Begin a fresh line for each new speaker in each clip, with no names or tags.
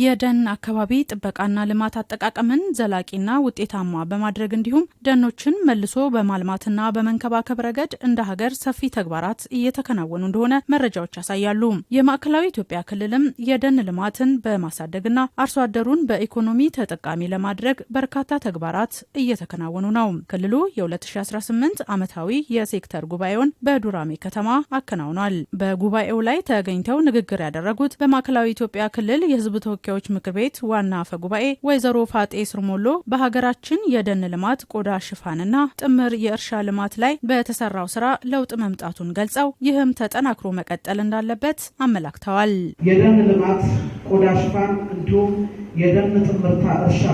የደን አካባቢ ጥበቃና ልማት አጠቃቀምን ዘላቂና ውጤታማ በማድረግ እንዲሁም ደኖችን መልሶ በማልማትና በመንከባከብ ረገድ እንደ ሀገር ሰፊ ተግባራት እየተከናወኑ እንደሆነ መረጃዎች ያሳያሉ። የማዕከላዊ ኢትዮጵያ ክልልም የደን ልማትን በማሳደግና አርሶ አደሩን በኢኮኖሚ ተጠቃሚ ለማድረግ በርካታ ተግባራት እየተከናወኑ ነው። ክልሉ የ2018 ዓመታዊ የሴክተር ጉባኤውን በዱራሜ ከተማ አከናውኗል። በጉባኤው ላይ ተገኝተው ንግግር ያደረጉት በማዕከላዊ ኢትዮጵያ ክልል የህዝብ ተወካዮች ምክር ቤት ዋና አፈ ጉባኤ ወይዘሮ ፋጤ ስርሞሎ በሀገራችን የደን ልማት ቆዳ ሽፋንና ጥምር የእርሻ ልማት ላይ በተሰራው ስራ ለውጥ መምጣቱን ገልጸው ይህም ተጠናክሮ መቀጠል እንዳለበት አመላክተዋል።
የደን ልማት ቆዳ ሽፋን እንዲሁም የደን ጥምርታ እርሻ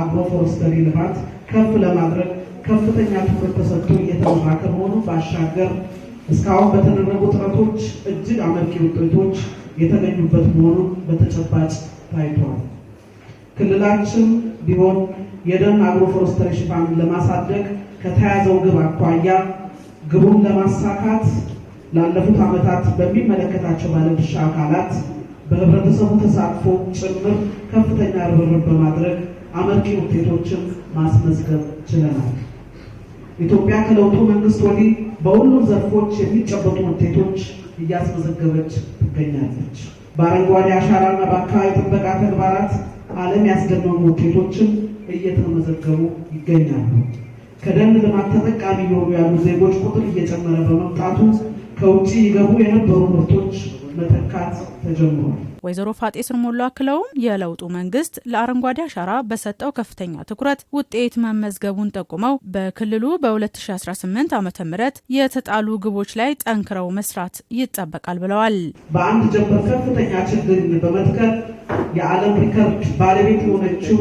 አግሮፎረስተሪ ልማት ከፍ ለማድረግ ከፍተኛ ትኩረት ተሰጥቶ እየተሰራ መሆኑ ባሻገር እስካሁን በተደረጉ ጥረቶች እጅግ አመርቂ ውጤቶች የተገኙበት መሆኑን በተጨባጭ ታይቷል። ክልላችን ቢሆን የደን አግሮ ፎረስትሪ ሽፋንን ለማሳደግ ከተያዘው ግብ አኳያ ግቡን ለማሳካት ላለፉት ዓመታት በሚመለከታቸው ባለድርሻ አካላት በህብረተሰቡ ተሳትፎ ጭምር ከፍተኛ ርብርብ በማድረግ አመርቂ ውጤቶችን ማስመዝገብ ችለናል። ኢትዮጵያ ከለውጡ መንግስት ወዲህ በሁሉም ዘርፎች የሚጨበጡ ውጤቶች እያስመዘገበች ትገኛለች። በአረንጓዴ አሻራና በአካባቢ ጥበቃ ተግባራት ዓለም ያስደመሙ ውጤቶችን እየተመዘገቡ ይገኛሉ። ከደን ልማት ተጠቃሚ የሆኑ ያሉ ዜጎች ቁጥር እየጨመረ በመምጣቱ ከውጭ ይገቡ የነበሩ ምርቶች መተካት ተጀምሯል።
ወይዘሮ ፋጤ ስርሞሎ አክለውም የለውጡ መንግስት ለአረንጓዴ አሻራ በሰጠው ከፍተኛ ትኩረት ውጤት መመዝገቡን ጠቁመው በክልሉ በ2018 ዓ ም የተጣሉ ግቦች ላይ ጠንክረው መስራት ይጠበቃል ብለዋል።
በአንድ ጀንበር ከፍተኛ ችግር በመትከል የዓለም ሪከርድ ባለቤት የሆነችው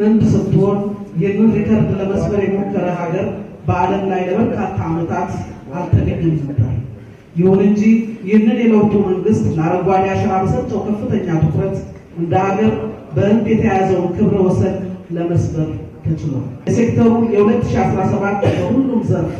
ህንድ ስትሆን ይህንን ሪከርድ ለመስበር የሞከረ ሀገር በዓለም ላይ ለበርካታ ዓመታት አልተገኘም ነበር። ይሁን እንጂ ይህንን የለውጡ መንግስት ለአረንጓዴ አሻራ በሰጠው ከፍተኛ ትኩረት እንደ ሀገር በህግ የተያዘውን ክብረ ወሰን ለመስበር ተችሏል። የሴክተሩ የ2017 በሁሉም ዘርፍ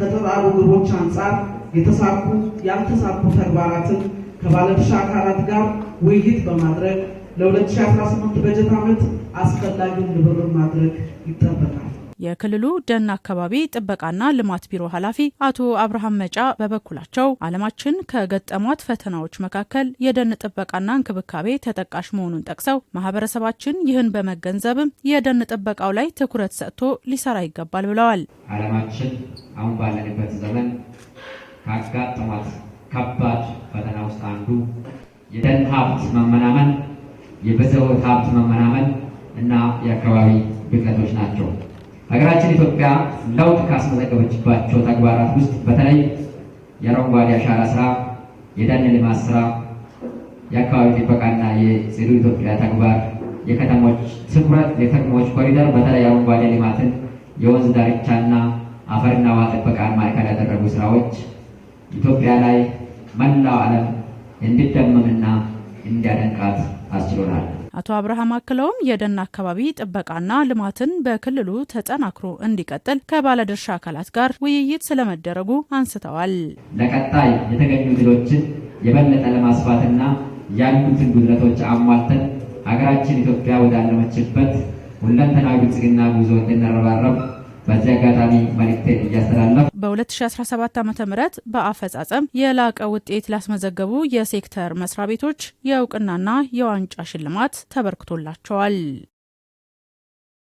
ከተጣሉ ግቦች አንጻር የተሳኩ ያልተሳኩ ተግባራትን ከባለድርሻ አካላት ጋር ውይይት በማድረግ ለ2018 በጀት ዓመት አስፈላጊውን ርብርብ ማድረግ ይጠበቃል።
የክልሉ ደን አካባቢ ጥበቃና ልማት ቢሮ ኃላፊ አቶ አብርሃም መጫ በበኩላቸው ዓለማችን ከገጠሟት ፈተናዎች መካከል የደን ጥበቃና እንክብካቤ ተጠቃሽ መሆኑን ጠቅሰው ማህበረሰባችን ይህን በመገንዘብም የደን ጥበቃው ላይ ትኩረት ሰጥቶ ሊሰራ ይገባል ብለዋል።
ዓለማችን አሁን ባለንበት ዘመን ካጋጠሟት ከባድ ፈተና ውስጥ አንዱ የደን ሀብት መመናመን፣ የብዝሃ ሀብት መመናመን እና የአካባቢ ብክለቶች ናቸው። ሀገራችን ኢትዮጵያ ለውጥ ካስመዘገበችባቸው ተግባራት ውስጥ በተለይ የአረንጓዴ አሻራ ስራ፣ የደን ልማት ስራ፣ የአካባቢ ጥበቃና የጽዱ ኢትዮጵያ ተግባር፣ የከተሞች ትኩረት፣ የከተሞች ኮሪደር በተለይ አረንጓዴ ልማትን፣ የወንዝ ዳርቻና አፈርና ውሃ ጥበቃን ማዕከል ያደረጉ ስራዎች ኢትዮጵያ ላይ መላው ዓለም እንዲደመምና እንዲያደንቃት አስችሎናል።
አቶ አብርሃም አክለውም የደን አካባቢ ጥበቃና ልማትን በክልሉ ተጠናክሮ እንዲቀጥል ከባለድርሻ አካላት ጋር ውይይት ስለመደረጉ አንስተዋል።
ለቀጣይ የተገኙ ድሎችን የበለጠ ለማስፋትና ያሉትን ጉድለቶች አሟልተን ሀገራችን ኢትዮጵያ ወዳለመችበት ሁለንተናዊ ብልጽግና ጉዞ እንድንረባረብ በዚህ አጋጣሚ መልእክቴን እያስተላለፍ
በ2017 ዓ ም በአፈጻጸም የላቀ ውጤት ላስመዘገቡ የሴክተር መስሪያ ቤቶች የእውቅናና የዋንጫ ሽልማት ተበርክቶላቸዋል።